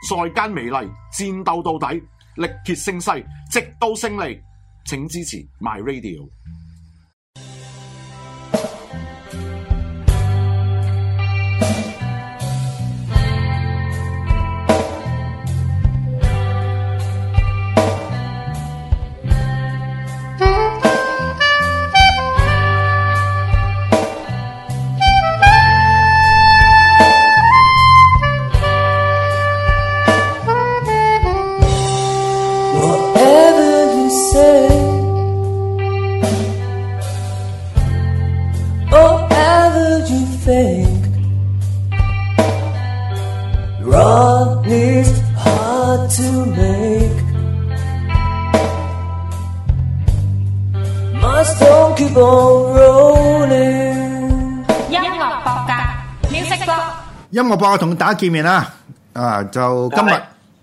在間美麗，戰鬥到底，力竭聲嘶，直到勝利，請支持 My Radio。大家見面啦！啊，就今日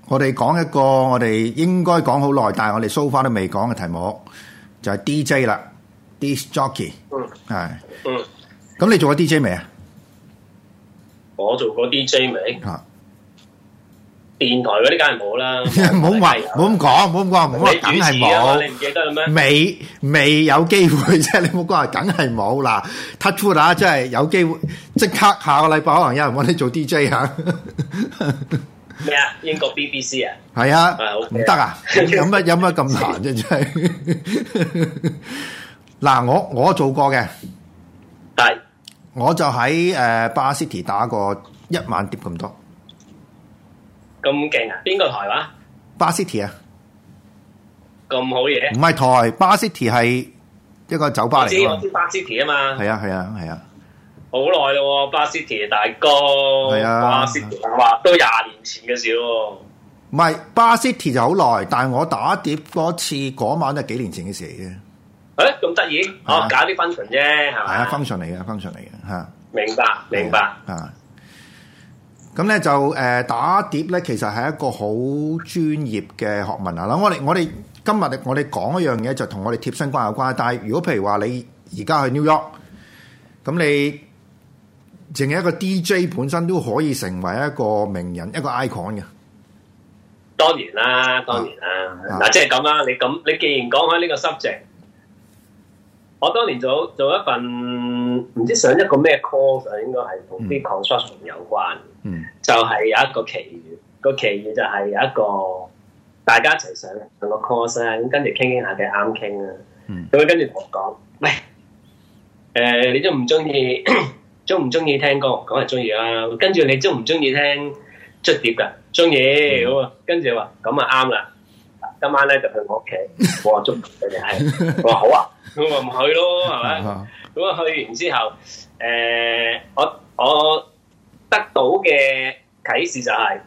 我哋講一個我哋應該講好耐，但係我哋 so far 都未講嘅題目，就係 D J 啦，disc jockey。嗯，係。嗯，咁你做過 D J 未啊？我做過 D J 未。電台嗰啲梗係冇啦，唔好咪，唔好咁講，唔好咁講，唔好話梗係冇。你唔記得咁樣？未未有機會啫，你唔好講話梗係冇嗱，touch wood 真係有機會，即刻下個禮拜可能有人揾你做 DJ 吓。咩啊？英國 BBC 啊？係啊，唔得啊？有乜有乜咁難啫？真係嗱，我我做過嘅，係我就喺誒 Bar City 打過一萬碟咁多。咁勁啊！邊個台話？巴斯蒂啊！咁好嘢！唔係台，巴斯蒂係一個酒吧嚟噶嘛？知巴斯蒂啊嘛？係啊係啊係啊！好耐咯，巴斯蒂大哥。係啊，啊，啊，啊，巴斯蒂話、啊、都廿年前嘅事咯、啊。唔係巴斯蒂就好耐，但係我打碟嗰次嗰晚都係幾年前嘅事嚟嘅。誒、欸，咁得意？哦、啊啊，搞啲 function 啫，係係啊，function 嚟嘅，function 嚟嘅吓。啊、明白，明白啊。 咁咧、嗯、就誒、呃、打碟咧，其實係一個好專業嘅學問啊！嗱，我哋我哋今日我哋講一樣嘢就同我哋貼身關有關。但係如果譬如話你而家去 New York，咁你淨係一個 DJ 本身都可以成為一個名人，一個 icon 嘅。當然啦，當然啦，嗱、啊，即係咁啦。你咁你既然講開呢個 subject。我當年做做一份唔知上一個咩 course 啊，應該係同 construction 有關，嗯嗯、就係有一個奇遇。個奇遇就係有一個大家一齊上上個 course 啊，咁跟住傾傾下嘅啱傾啊，咁跟住同我講，喂，誒、呃、你中唔中意中唔中意聽歌？講係中意啊。」跟住你中唔中意聽捽碟噶？中意。咁、嗯、啊，跟住話咁啊啱啦。今晚咧就去我屋企，我話捽碟嘅， 我話好啊。我咪唔去咯，係咪？咁啊，去完之後，誒，我我得到嘅啟示就係，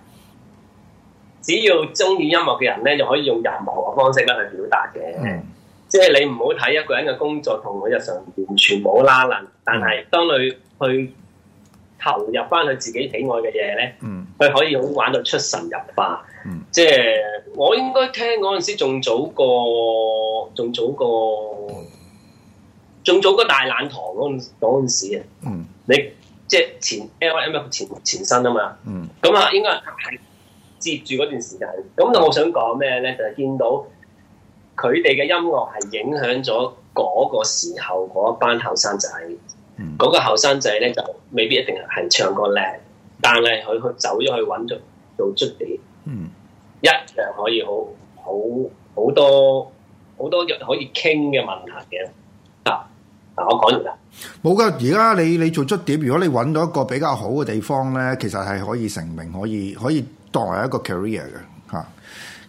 只要中意音樂嘅人咧，就可以用任何嘅方式咧去表達嘅。嗯，即係你唔好睇一個人嘅工作同我日常完全冇拉楞，但係當佢去投入翻佢自己喜愛嘅嘢咧，嗯，佢可以好玩到出神入化。嗯，即係我應該聽嗰陣時仲早過，仲早過。仲早個大冷堂嗰陣嗰陣時、嗯、你即係、就是、前 LMF 前前身啊嘛，咁啊、嗯、應該係接住嗰段時間。咁我想講咩咧？就係、是、見到佢哋嘅音樂係影響咗嗰個時候嗰班後生仔，嗰、嗯、個後生仔咧就未必一定係唱歌靚，但係佢去走咗去揾咗做出嚟，嗯、一樣可以好好好多好多可以傾嘅問題嘅。我講冇噶，而家你你做捽碟，如果你揾到一個比較好嘅地方咧，其實係可以成名，可以可以當為一個 career 嘅嚇。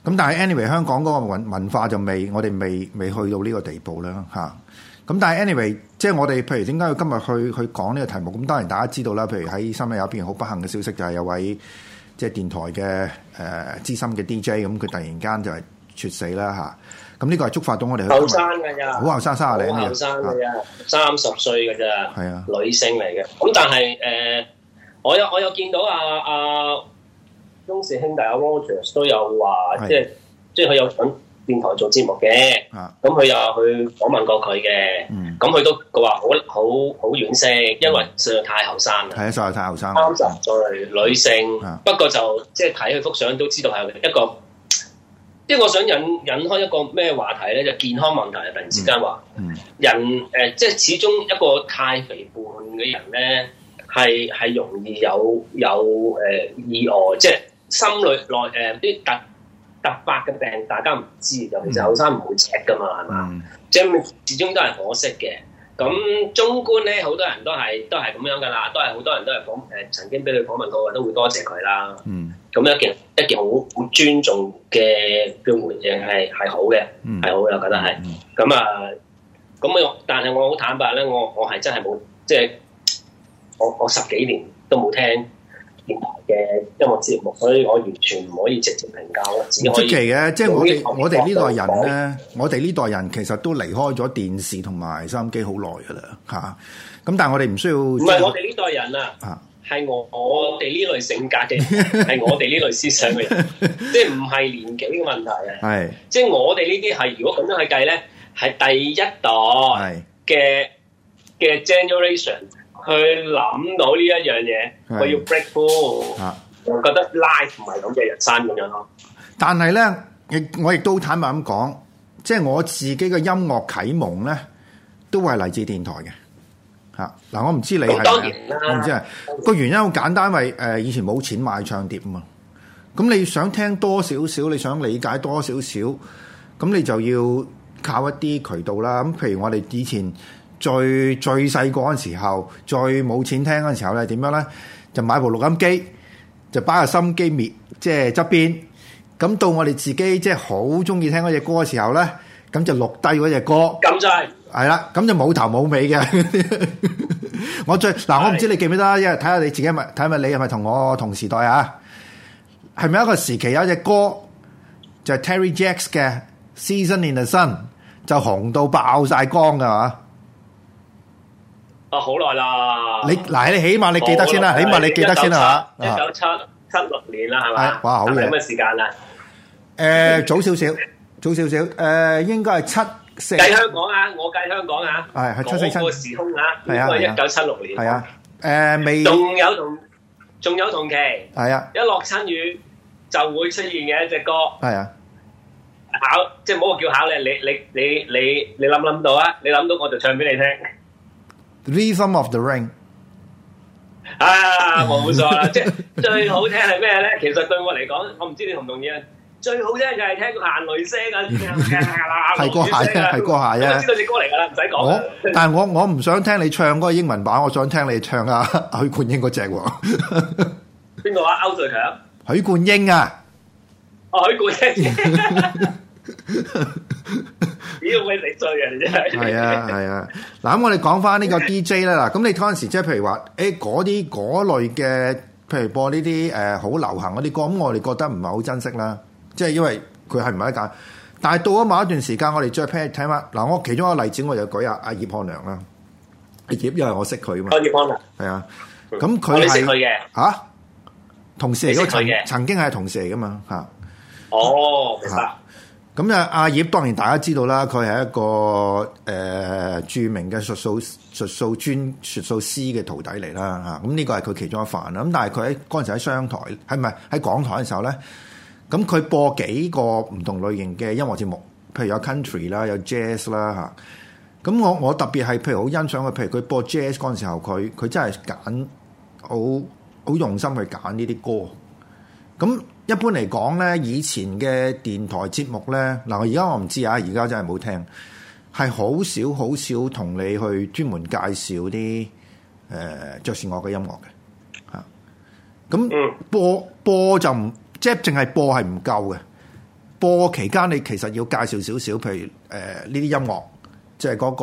咁但係 anyway，香港嗰個文文化就未，我哋未未去到呢個地步啦嚇。咁但係 anyway，即係我哋譬如點解今日去去講呢個題目？咁當然大家知道啦。譬如喺新聞入邊好不幸嘅消息就係、是、有位即係電台嘅誒、呃、資深嘅 DJ，咁佢突然間就係猝死啦嚇。咁呢個係觸發到我哋後生嘅咋好後生三廿零嘅，後生嘅呀，三十歲嘅咋，係啊，啊女性嚟嘅。咁但係誒、呃，我有我有見到啊，阿鐘氏兄弟阿 Walter 都有話，即係即係佢有上電台做節目嘅，咁佢又去訪問過佢嘅，咁佢、嗯、都佢話好好好惋惜，因為實在太後生啦，係啊，實在太後生，三十再女性，啊、不過就即係睇佢幅相都知道係一個。即係我想引引開一個咩話題咧，就是、健康問題啊！突然之間話，嗯嗯、人誒、呃、即係始終一個太肥胖嘅人咧，係係容易有有誒、呃、意外，即係心裏內誒啲突突發嘅病，大家唔知，尤、嗯、其是後生唔會 check 噶嘛，係嘛、嗯？即係始終都係可惜嘅。咁中觀咧，好多人都係都係咁樣噶啦，都係好多人都係訪誒曾經俾佢訪問過，都會多謝佢啦。嗯，咁樣一件一件好好尊重嘅嘅環境係係好嘅，係好嘅，我覺得係。咁、嗯嗯、啊，咁我但係我好坦白咧，我我係真係冇即係我我十幾年都冇聽嘅音樂節目，所以我完全唔可以直接評價咯。出奇嘅，即係我我哋呢代人咧，我哋呢代人其實都離開咗電視同埋收音機好耐噶啦，吓、啊、咁。但係我哋唔需要唔係我哋呢代人啊，係、啊、我哋呢類性格嘅人，係 我哋呢類思想嘅人， 即係唔係年紀嘅問題啊。係是即係我哋呢啲係如果咁樣去計咧，係第一代嘅嘅是 generation。去諗到呢一樣嘢，我要 breakthrough，覺得 life 唔係咁嘅人生咁樣咯。但係咧，我亦都坦白咁講，即係我自己嘅音樂啟蒙咧，都係嚟自電台嘅。嚇嗱，我唔知你係，當然啦，我唔知係個原因好簡單，因為誒以前冇錢買唱片啊嘛。咁你想聽多少少，你想理解多少少，咁你就要靠一啲渠道啦。咁譬如我哋以前。最最細個嗰陣時候，最冇錢聽嗰陣時候咧，點樣咧？就買部錄音機，就擺個心機滅，即係側邊。咁到我哋自己即係好中意聽嗰隻歌嘅時候咧，咁就錄低嗰隻歌。咁就係、係、啦，咁就冇頭冇尾嘅。 我最嗱，我唔知你記唔記得，因為睇下你自己咪睇下你係咪同我同時代啊？係咪一個時期有、啊、一隻歌就係、Terry Jacks 嘅《Season in the Sun》就紅到爆晒光嘅啊！哦，好耐啦！你嗱，你起碼你記得先啦，起碼你記得先啊！一九七七六年啦，係咪？哇，好耐，咁嘅時間啊？誒，早少少，早少少，誒，應該係七四。計香港啊！我計香港啊！係係七四七。嗰個時空啊，係啊，一九七六年係啊。誒，未仲有同仲有同期？係啊！一落親雨就會出現嘅一隻歌。係啊！考即係唔好叫考咧，你你你你你諗唔諗到啊？你諗到我就唱俾你聽。Rhythm of the Rain 啊，冇錯啦，即係最好聽係咩咧？其實對我嚟講，我唔知你同唔同意啊。最好聽就係聽個行雷聲啊，係個鞋啫，係、啊啊、 個下啫、哦。我知道你歌嚟噶啦，唔使講。但係我我唔想聽你唱嗰個英文版，我想聽你唱啊。許冠英嗰隻。邊個啊？歐瑞強？許冠英啊？哦，許冠英。 妖，喂！ 你衰人啫，係 啊樂，係、哎、啊。嗱、哎，咁我哋講翻呢個 DJ 啦。嗱，咁你當時即係譬如話，誒、欸，嗰啲嗰類嘅，譬如播呢啲誒好流行嗰啲歌，咁我哋覺得唔係好珍惜啦。即係因為佢係唔係一格，但係到咗某一段時間，我哋再睇睇翻。嗱、嗯，我其中一個例子，我就舉阿阿葉漢良啦。葉，因為我識佢嘛。葉漢良係啊，咁佢係吓同事嚟，個曾曾經係同事嚟噶嘛吓。啊、哦，明白、啊。咁、嗯、啊！阿葉當然大家知道啦，佢係一個誒、呃、著名嘅術數術數專術數師嘅徒弟嚟啦嚇。咁呢個係佢其中一範啦。咁但係佢喺嗰陣時喺商台，係唔係喺港台嘅時候咧？咁、嗯、佢播幾個唔同類型嘅音樂節目，譬如有 country 啦，有 jazz 啦嚇。咁、嗯、我我特別係譬如好欣賞佢，譬如佢播 jazz 嗰陣時候，佢佢真係揀好好用心去揀呢啲歌。咁、嗯一般嚟講咧，以前嘅電台節目咧，嗱，我而家我唔知啊，而家真係冇聽，係好少好少同你去專門介紹啲誒爵士樂嘅音樂嘅吓。咁、啊、播、嗯、播，播就唔即係淨係播係唔夠嘅，播期間你其實要介紹少少，譬如誒呢啲音樂，即係嗰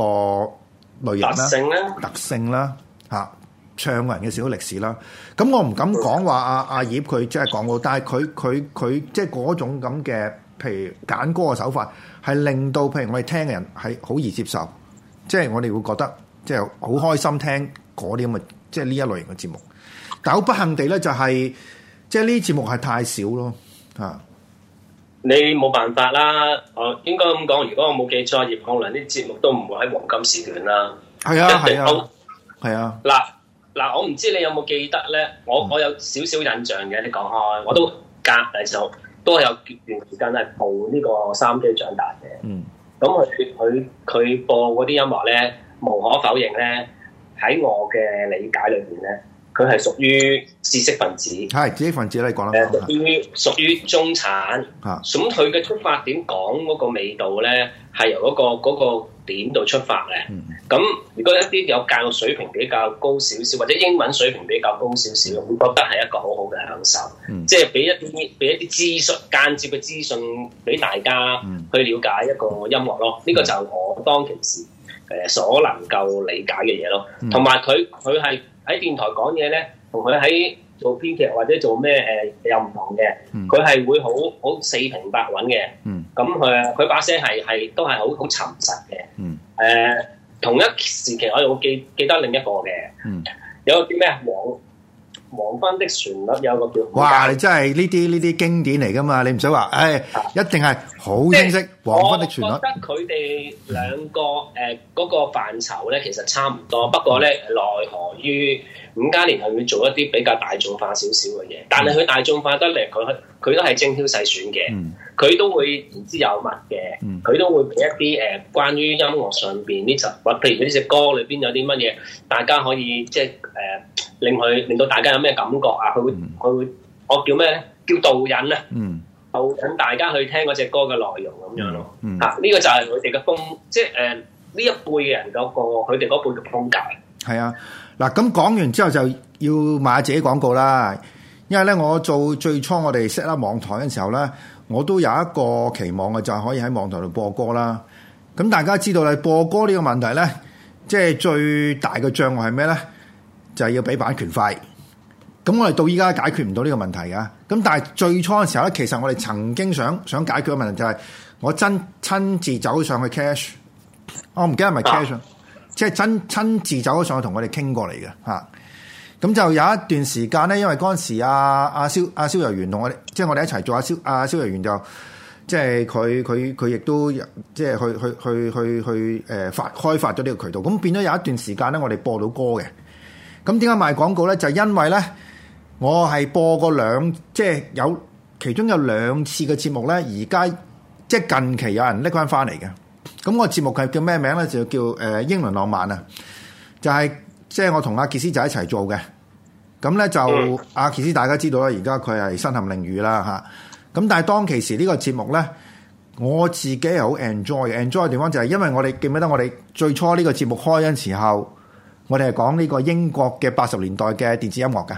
個類型啦、性特性啦、特性啦吓。唱人嘅小歷史啦，咁我唔敢講話阿阿葉佢即係講到，但係佢佢佢即係嗰種咁嘅，譬如揀歌嘅手法，係令到譬如我哋聽嘅人係好易接受，即係我哋會覺得即係好開心聽嗰啲咁嘅，即係呢一類型嘅節目。但好不幸地咧，就係即係呢啲節目係太少咯，嚇！你冇辦法啦。我應該咁講，如果我冇記錯，葉漢良啲節目都唔會喺黃金時段啦。係啊，係啊，係啊。嗱。嗱，我唔知你有冇記得咧，我我有少少印象嘅。你講開，我都隔第時都係有段時間係播呢個三機長大嘅。嗯，咁佢佢佢播嗰啲音樂咧，無可否認咧，喺我嘅理解裏邊咧，佢係屬於知識分子。係知識分子，你講啦。誒，屬於屬於中產。嚇、嗯，咁佢嘅出發點講嗰個味道咧，係由嗰個嗰個。嗰個點度出發嘅，咁、嗯、如果一啲有教育水平比較高少少，或者英文水平比較高少少，我會覺得係一個好好嘅享受，嗯、即係俾一啲俾一啲資訊，間接嘅資訊俾大家去了解一個音樂咯。呢、嗯、個就係我當其時誒所能夠理解嘅嘢咯，同埋佢佢係喺電台講嘢咧，同佢喺。做編劇或者做咩誒、呃、又唔同嘅，佢係、嗯、會好好四平八穩嘅。咁佢佢把聲係係都係好好沉實嘅。誒、嗯呃、同一時期我有記記得另一個嘅，嗯、有個叫咩黃。黃昏的旋律，有個叫哇，你真係呢啲呢啲經典嚟㗎嘛！你唔使話，誒、哎、一定係好清晰。即係、黃昏的旋律，我覺得佢哋兩個誒嗰、呃嗰個範疇咧，其實差唔多。不過咧，奈、嗯、何於伍嘉年係要做一啲比較大眾化少少嘅嘢，但係佢大眾化得嚟佢。佢都係精挑細選嘅，佢都會言之有物嘅，佢都會俾一啲誒關於音樂上邊呢隻或譬如，佢呢隻歌裏邊有啲乜嘢，大家可以即係誒、呃、令佢令到大家有咩感覺啊？佢會佢會我叫咩咧？叫導引啊，導引大家去聽嗰隻歌嘅內容咁樣咯。吓呢個就係佢哋嘅風，即係誒呢一輩嘅人嗰、嗰個佢哋嗰輩嘅風格。係啊，嗱咁講完之後就要買自己廣告啦。因為咧，我做最初我哋 set up 網台嘅時候咧，我都有一個期望嘅，就係、是、可以喺網台度播歌啦。咁大家知道咧，播歌呢個問題咧，即係最大嘅障礙係咩咧？就係、是、要俾版權費。咁我哋到依家解決唔到呢個問題㗎。咁但係最初嘅時候咧，其實我哋曾經想想解決嘅問題就係、是、我真親自走上去 cash、哦。我唔記得係咪 cash？即係真親，親自走上去同我哋傾過嚟嘅嚇。咁就有一段時間咧，因為嗰陣時阿阿蕭阿蕭柔元同我哋，即係我哋一齊做阿蕭阿蕭柔元就，即係佢佢佢亦都即係去去去去去誒發開發咗呢個渠道。咁變咗有一段時間咧，我哋播到歌嘅。咁點解賣廣告咧？就因為咧，我係播過兩，即係有其中有兩次嘅節目咧，而家即係近期有人拎翻翻嚟嘅。咁個節目係叫咩名咧？就叫誒英倫浪漫啊，就係、是。即係我同阿杰斯一就一齊做嘅，咁咧就阿杰斯大家知道啦，而家佢係身陷囹圄啦嚇，咁、啊、但係當其時個節呢個節目咧，我自己係好 enjoy 嘅，enjoy 嘅地方就係因為我哋記唔記得我哋最初呢個節目開嗰陣時候，我哋係講呢個英國嘅八十年代嘅電子音樂㗎。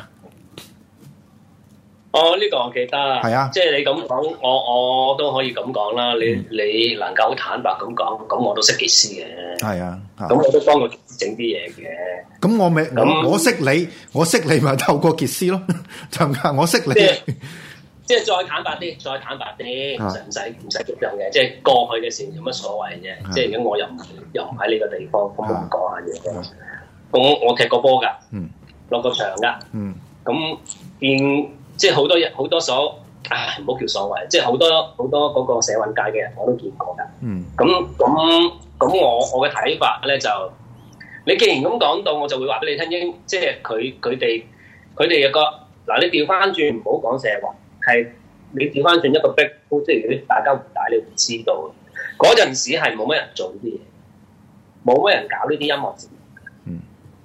哦，呢個我記得，係啊，即係你咁講，我我都可以咁講啦。你你能夠好坦白咁講，咁我都識傑斯嘅，係啊，咁我都幫過傑斯整啲嘢嘅。咁我咪，我識你，我識你咪透過傑斯咯，就唔得？我識你，即係再坦白啲，再坦白啲，唔使唔使激動嘅。即係過去嘅事，有乜所謂啫？即係如果我又唔又唔喺呢個地方，咁我唔講下嘢。我我踢過波噶，嗯，落過場噶，嗯，咁見。即係好多嘢，好多所，唉，唔好叫所謂。即係好多好多嗰個社運界嘅人，我都見過㗎。嗯。咁咁咁，我我嘅睇法咧就，你既然咁講到，我就會話俾你聽。應即係佢佢哋佢哋一個嗱，你調翻轉唔好講社運，係你調翻轉一個逼，i 即係如果大家唔睇，你唔知道。嗰陣時係冇乜人做啲嘢，冇乜人搞呢啲音樂節目。嗯。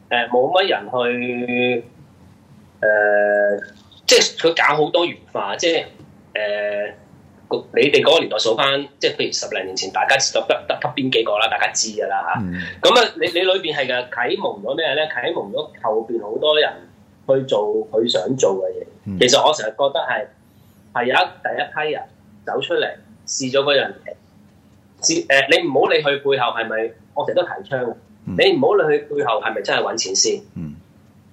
誒、呃，冇乜人去誒。呃即係佢搞好多元化，即係誒、呃，你哋嗰個年代數翻，即係譬如十零年前，大家得得得，得邊幾個啦，大家知噶啦吓。咁啊、嗯，你你裏邊係噶，啟蒙咗咩咧？啟蒙咗後邊好多人去做佢想做嘅嘢。嗯、其實我成日覺得係係有第一批人走出嚟試咗嗰樣嘢，試誒、呃，你唔好理佢背後係咪，我成日都提倡，嗯、你唔好理佢背後係咪真係揾錢先。嗯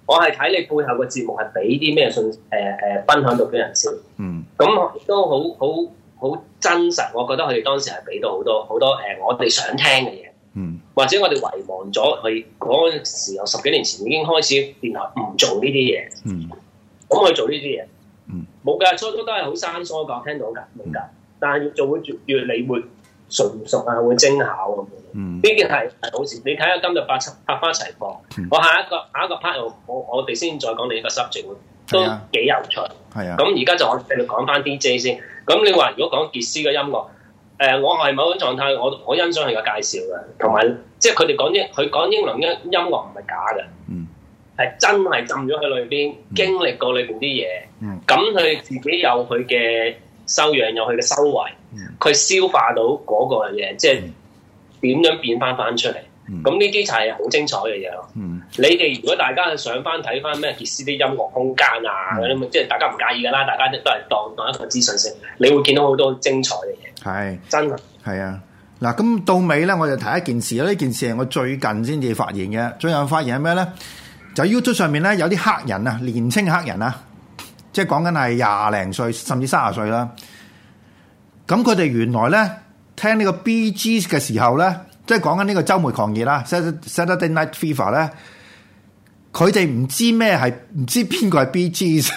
我係睇你背後個節目係俾啲咩信，誒、呃、誒、呃、分享到俾人先。嗯，咁都好好好真實，我覺得佢哋當時係俾到好多好多誒、呃，我哋想聽嘅嘢。嗯，或者我哋遺忘咗，佢嗰陣時有十幾年前已經開始電台唔做呢啲嘢。嗯，咁去做呢啲嘢。嗯，冇㗎，初初都係好生疏噶，我聽到㗎，明㗎。嗯、但係要做越越理會越越嚟活。熟唔熟啊？會精巧咁嘅，呢件係係好事。你睇下今日八七百花齊放。嗯、我下一個下一個 part，我我哋先再講你呢個 subject。都幾有趣。係啊。咁而家就我哋繼續講翻 DJ 先。咁、嗯、你話如果講傑斯嘅音樂，誒、呃，我係某種狀態，我我欣賞佢嘅介紹嘅，同埋即係佢哋講英，佢講英倫音音樂唔係假嘅，嗯，係真係浸咗喺裏邊經歷過裏邊啲嘢，咁佢、嗯嗯、自己有佢嘅。收養入佢嘅收穫，佢消化到嗰個嘢，即係點樣變翻翻出嚟？咁呢啲就係好精彩嘅嘢咯。嗯、你哋如果大家上翻睇翻咩杰斯啲音樂空間啊，咁、嗯、即係大家唔介意噶啦，大家都都係當當一個資訊性，你會見到好多很精彩嘅嘢。係是真係的啊！嗱，咁到尾咧，我就提一件事啊。呢件事係我最近先至發現嘅。最近發現係咩咧？就喺 YouTube 上面咧有啲黑人啊，年青黑人啊。即係講緊係廿零歲甚至三十歲啦，咁佢哋原來咧聽呢個 Bee Gees 嘅時候咧，即係講緊呢個周末狂熱啦，Saturday Night Fever 咧，佢哋唔知咩係，唔知邊個係 Bee Gees，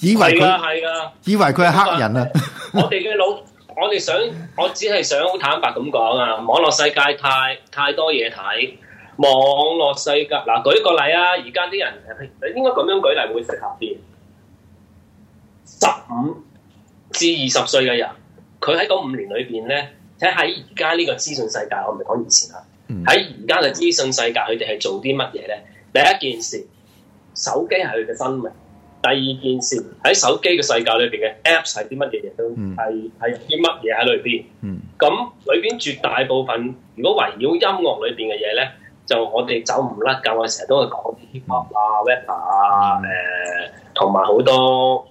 以為佢係啊，以為佢係黑人啊！ 我哋嘅腦，我哋想，我只係想好坦白咁講啊，網絡世界太太多嘢睇。網絡世界嗱、啊，舉個例啊！而家啲人誒，應該咁樣舉例會適合啲。十五至二十歲嘅人，佢喺嗰五年裏邊咧，睇喺而家呢個資訊世界，我唔係講以前啦。喺而家嘅資訊世界，佢哋係做啲乜嘢咧？第一件事，手機係佢嘅生命；第二件事，喺手機嘅世界裏邊嘅 Apps 係啲乜嘢嘢都係係啲乜嘢喺裏邊。咁裏邊絕大部分，如果圍繞音樂裏邊嘅嘢咧。就我哋走唔甩㗎，我成日都係講啲 hip hop 啊、rap 啊、誒、啊，同埋好多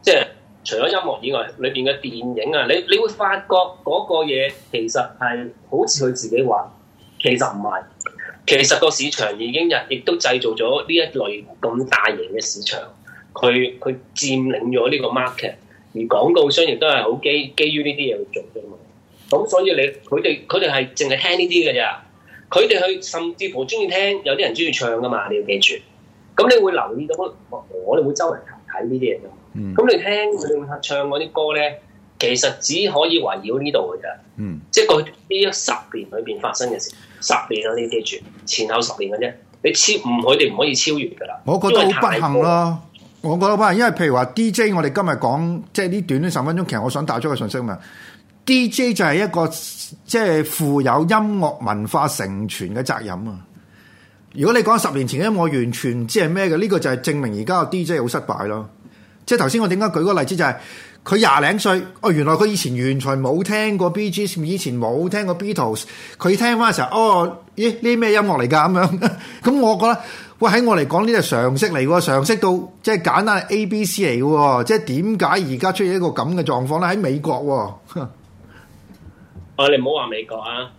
誒即係除咗音樂以外，裏邊嘅電影啊，你你會發覺嗰個嘢其實係好似佢自己話，其實唔係，其實個市場已經日亦都製造咗呢一類咁大型嘅市場，佢佢佔領咗呢個 market，而廣告商亦都係好基基於呢啲嘢去做嘅。咁所以你佢哋佢哋係淨係聽呢啲嘅咋。佢哋去甚至乎中意聽，有啲人中意唱噶嘛，你要記住。咁你會留意到我哋會周圍睇呢啲嘢。咁你聽佢哋唱嗰啲歌咧，其實只可以圍繞呢度噶啫。嗯，即係過去呢一十年裏邊發生嘅事，十年啊，你要記住前後十年嘅啫，你超唔佢哋唔可以超越噶啦。我覺得好不幸咯。我覺得不幸，因為譬如話 DJ，我哋今日講即係呢短短十分鐘，其實我想打出個信息啊嘛。D J 就係一個即係、即係、富有音樂文化承傳嘅責任啊！如果你講十年前音樂，音我完全唔知係咩嘅，呢、呢個就係證明而家嘅 D J 好失敗咯。即係頭先我點解舉個例子就係佢廿零歲哦，原來佢以前完全冇聽過 B G，以前冇聽過 Beatles，佢聽翻嘅時候哦，咦呢啲咩音樂嚟噶咁樣？咁 我覺得，喂喺我嚟講呢係常識嚟嘅，常識到即係簡單係 A B C 嚟嘅，即係點解而家出現一個咁嘅狀況咧？喺美國、哦。 啊、你唔好話美國啊，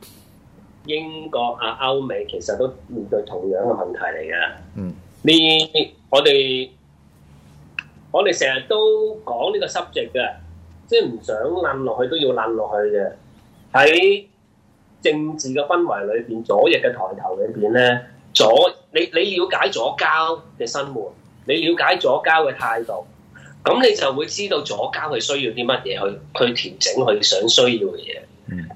英國啊，歐美其實都面對同樣嘅問題嚟嘅。嗯，呢我哋我哋成日都講呢個濕滯嘅，即係唔想冧落去都要冧落去嘅。喺政治嘅氛圍裏邊，左翼嘅抬頭裏邊咧，左你你了解左膠嘅生活，你了解左膠嘅態度，咁你就會知道左膠係需要啲乜嘢去去調整佢想需要嘅嘢。嗯，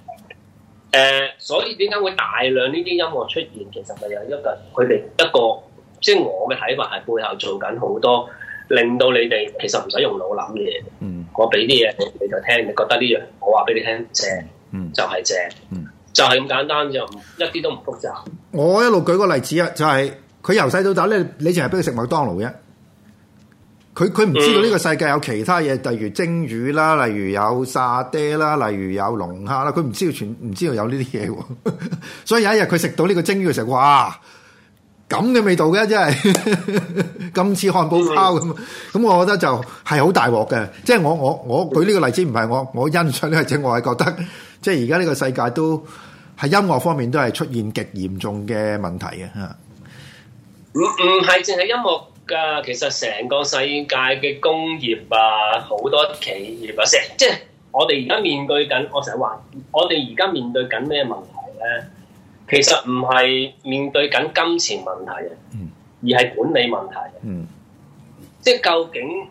誒，uh, 所以點解會大量呢啲音樂出現？其實咪有一個，佢哋一個，即係我嘅睇法係背後做緊好多，令到你哋其實唔使用腦諗嘅嘢。嗯，我俾啲嘢你，你就聽，你覺得呢樣，我話俾你聽正，嗯，就係正，嗯，就係咁簡單就一啲都唔複雜。我一路舉個例子啊，就係佢由細到大咧，你淨係俾佢食麥當勞嘅。佢佢唔知道呢個世界有其他嘢，例如蒸魚啦，例如有沙爹啦，例如有龍蝦啦，佢唔知道全唔知道有呢啲嘢喎。 所以有一日佢食到呢個蒸魚嘅時候，哇！咁嘅味道嘅真係咁似漢堡包咁。咁、嗯嗯嗯、我覺得就係好大鑊嘅。即、就、係、是、我我我舉呢個例子唔係我我欣賞呢，或者我係覺得即係而家呢個世界都喺音樂方面都係出現極嚴重嘅問題嘅嚇。唔唔係淨係音樂。噶，其實成個世界嘅工業啊，好多企業啊，即係我哋而家面對緊。我成日話，我哋而家面對緊咩問題咧？其實唔係面對緊金錢問題，而係管理問題。嗯、即係究竟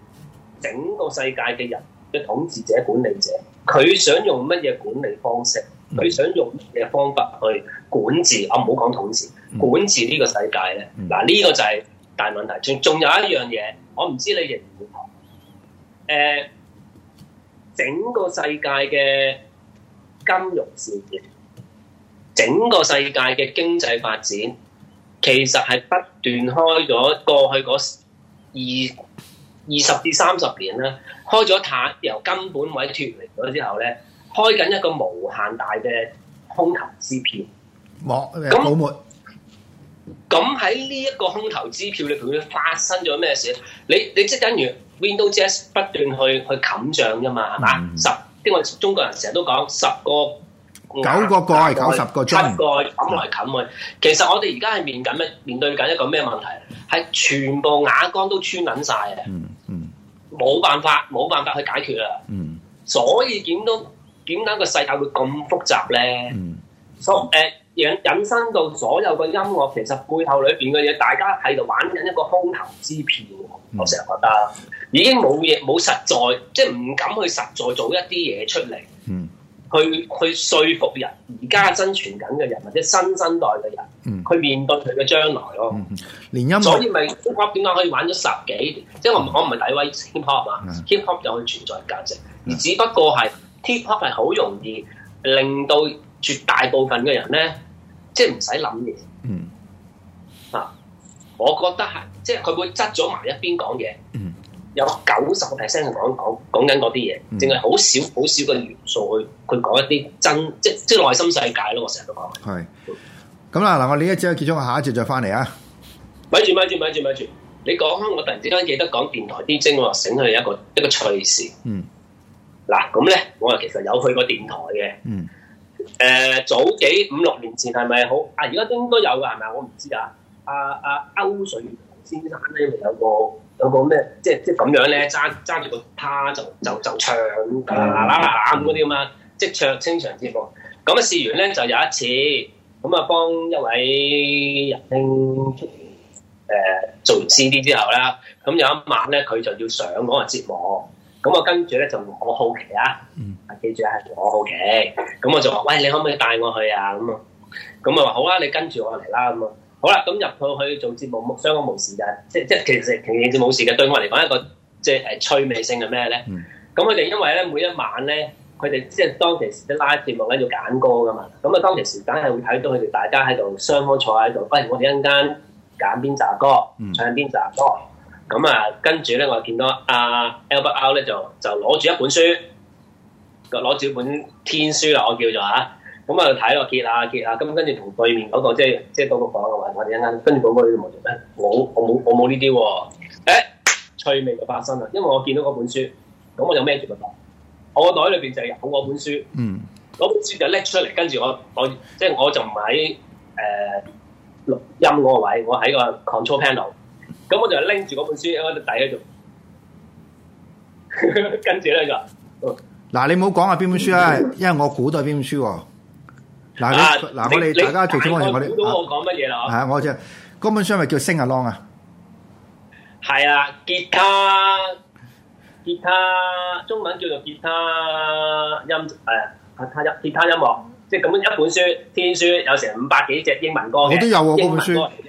整個世界嘅人嘅統治者、管理者，佢想用乜嘢管理方式？佢想用乜嘢方法去管治？我唔好講統治，管治呢個世界咧。嗱、嗯，呢個就係。嗯大問題，仲仲有一樣嘢，我唔知你認唔認同？誒、呃，整個世界嘅金融事業，整個世界嘅經濟發展，其實係不斷開咗過去二二十至三十年啦，開咗塔，由根本位脫離咗之後咧，開緊一個無限大嘅空頭支票，冇冇咁喺呢一個空頭支票裡面，你同佢發生咗咩事？你你即等如 Windows 不斷去去冚帳啫嘛，係嘛、嗯？十即我中國人成日都講十個九個蓋，九十個帳，七個蓋冚來冚去。其實我哋而家係面緊咧，面對緊一個咩問題？係全部瓦缸都穿撚晒嘅，嗯嗯，冇辦法，冇辦法去解決啦。嗯，所以點都點解個世界會咁複雜咧？嗯，所誒、嗯。引申到所有嘅音樂，其實背後裏邊嘅嘢，大家喺度玩緊一個空頭支票。嗯、我成日覺得已經冇嘢冇實在，即係唔敢去實在做一啲嘢出嚟，嗯、去去說服人。而家生存緊嘅人或者新生代嘅人，嗯、去面對佢嘅將來咯。嗯、連音所以咪 Hip Hop 點解可以玩咗十幾年？嗯、即係我唔、嗯、可唔係詆毀 Hip Hop 嘛 Hip Hop 有佢存在價值，而只不過係 Hip Hop 係好容易令到絕大部分嘅人咧。即係唔使諗嘢，嗯，啊，我覺得係，即係佢會側咗埋一邊講嘢，嗯，有九十個 percent 講講講緊嗰啲嘢，淨係好少好少嘅元素去佢講一啲真，即係即係內心世界咯。我成日都講，係，咁啦嗱，我呢一節啊結束，我下一節再翻嚟啊。咪住咪住咪住咪住，你講我突然之間記得講電台啲精喎，醒起一個一個趣事，嗯，嗱、啊，咁咧我啊其實有去過電台嘅，嗯。誒、呃、早幾五六年前係咪好啊？而家應該都有㗎係咪？我唔知啊。阿、啊、阿歐水龍先生咧，有個有個咩，即係即係咁樣咧，揸揸住個叉就就就唱嗱嗱嗱咁嗰啲咁啊，即唱清唱節目。咁啊試完咧就有一次，咁啊幫一位人兄出誒做完 C D 之後啦，咁有一晚咧佢就要上嗰個節目。咁我、嗯、跟住咧就我好奇啊，記住係我好奇，咁、嗯、我就話：喂，你可唔可以帶我去啊？咁、嗯、啊，咁啊話好啦，你跟住我嚟啦。咁、嗯、啊，好啦、嗯，咁入到去做節目，相安冇事嘅，即即其實平時冇事嘅，對我嚟講一個即係趣味性係咩咧？咁佢哋因為咧每一晚咧，佢哋即係當其時都拉節目喺度揀歌噶嘛，咁啊當其時梗係會睇到佢哋大家喺度雙方坐喺度，不、哎、喂，我哋一陣間揀邊扎歌，唱邊扎歌。咁啊、嗯，跟住咧，我見到阿 L B L 咧，就就攞住一本書，就攞住本天書啦，我叫做啊，咁啊睇我揭下揭下。咁跟住同對面嗰個即係即係嗰個房啊，我哋一間跟住嗰個女都冇做咩，我冇我冇呢啲喎，誒趣味就發生啦，因為我見到嗰本書，咁我就孭住個袋，我個袋裏邊就係有嗰本書，嗯，嗰本書就拎出嚟，跟住我我即係我就唔喺誒錄音嗰個位，我喺個 control panel。咁我就拎住嗰本書喺我只底喺度， 跟住咧就嗱，你唔好講下邊本書啦， 因為我估到邊本書。嗱，嗱我哋大家做主播，我哋，啊、都冇講乜嘢啦？係啊，啊，我就嗰本書係叫《Sing Along》啊，係啊，吉他吉他，吉他中文叫做吉他音誒，吉他吉他音樂，即係咁一本書天書，有成五百幾隻英文歌我都有啊。英文歌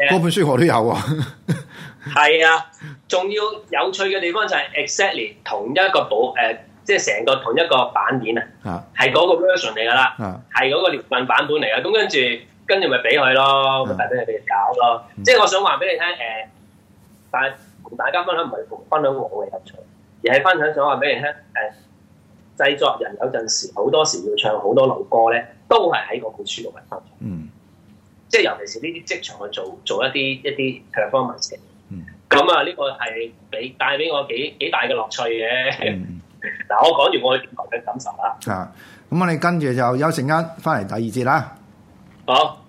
嗰本書我都有啊。 係啊，仲要有，有趣嘅地方就係 exactly 同一個寶誒、呃，即係成個同一個版面啊，係嗰個 version 嚟噶啦，係嗰、啊、個連貫版本嚟啦。咁跟住，跟住咪俾佢咯，咪俾佢哋搞咯。嗯、即係我想話俾你聽，誒、呃，但係但係，今日唔係分享，分享我嘅入處，而係分享想話俾你聽，誒、呃，製作人有陣時好多時要唱好多老歌咧，都係喺我本書度搵翻。嗯，即係尤其是呢啲職場去做做一啲一啲 creative work 嘅。咁啊，呢、這個係俾帶俾我幾幾大嘅樂趣嘅。嗱、 嗯，我講住我電台嘅感受啦。啊，咁我你跟住就休息間翻嚟第二節啦。好。